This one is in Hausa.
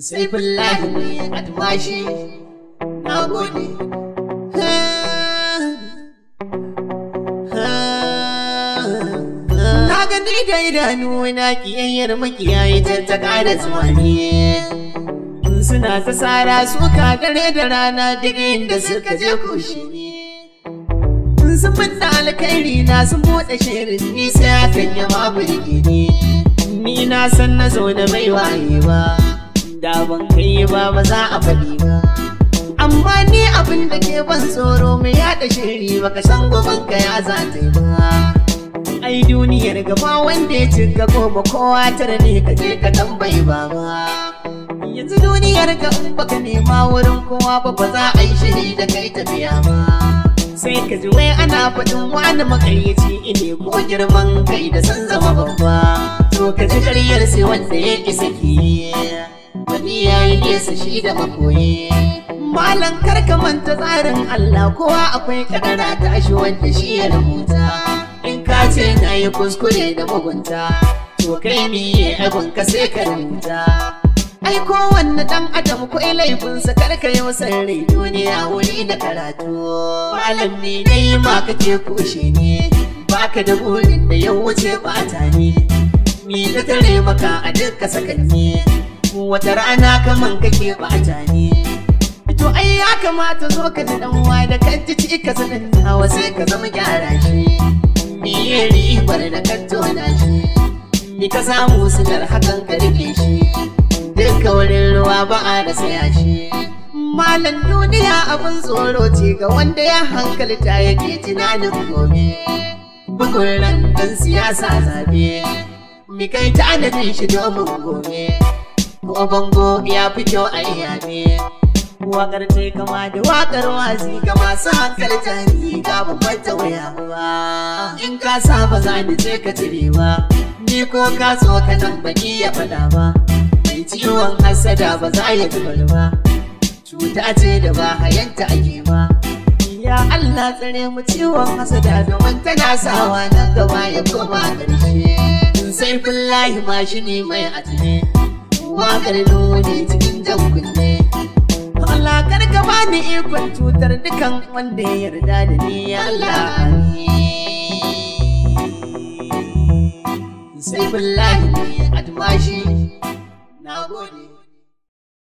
sai billahi ne na gode na ga ni da idanu na kiyayyar makiyaye ta ta ƙara tsawani suna ta tsara suka dare da rana duk inda suka je kushi ne sun binne alkhairi na sun buɗe shirin ni sai hakan ya ma burge ni ni na san na zo da mai wayewa da ban kai ba ba za a faɗi ba amma ni abin da ke ban tsoro mai yaɗa shiri ba. Ka san goban ka ya za ta yi ba ai duniyar gaba wanda ya ci ga ba kowa tara ne ka je ka tambayi ba. yanzu duniyar ka nema wurin kowa ba ba za a yi shiri da kai tafiya ba sai ka ji wai ana faɗin wani makaryaci ine ko girman kai da san zama babba to ka ji karyar sai wanda ya ki saki wani ya yi nesa shi da makoyi malam karka manta tsarin Allah kowa akwai kadara ta ashe wanda shi ya rubuta in ka ce na yi kuskure da mugunta to kai miye abin ka sai ka rubuta ai kowanne dan adam ko sa karka yau rai duniya wuri da karatu malam ne dai ma kake kushe ne baka da burin da yau wuce bata ne ni na tare maka a duka sakanni ko wata rana kaman kake bata ne. to ai ya kamata zo ka ji dan wa da kan ci ka sanin sai ka zama gyara shi miye ribar da ka tona shi ka samu sinar hakan ka rike shi duka wurin ruwa ba a da saya shi Malam duniya abin tsoro ce ga wanda ya hankalta yake tunanin gobe. Bugun dan siyasa zabe, mi kai tanadin shi domin gobe. a bango ya fi kyau a iyame wakar ta kama da wakar wazi ga masu hankali ni ga ta waya ba in ka saba za ni ce ka cire ba ni ko ka so ka nan baki ya fada ba mai ciwon hasada ba za ya dubal ba cuta ce da ba hayanta ake ba ya Allah tsare mu ciwon hasada domin tana sawa nan gaba ya koma ƙarshe sai kullahi ma shi ne mai ajiye wakar nuni cikin jan kunne Allah kar ka bani ikon cutar dukan wanda ya yarda da ni Allah amin sai billahi ne admashi na gode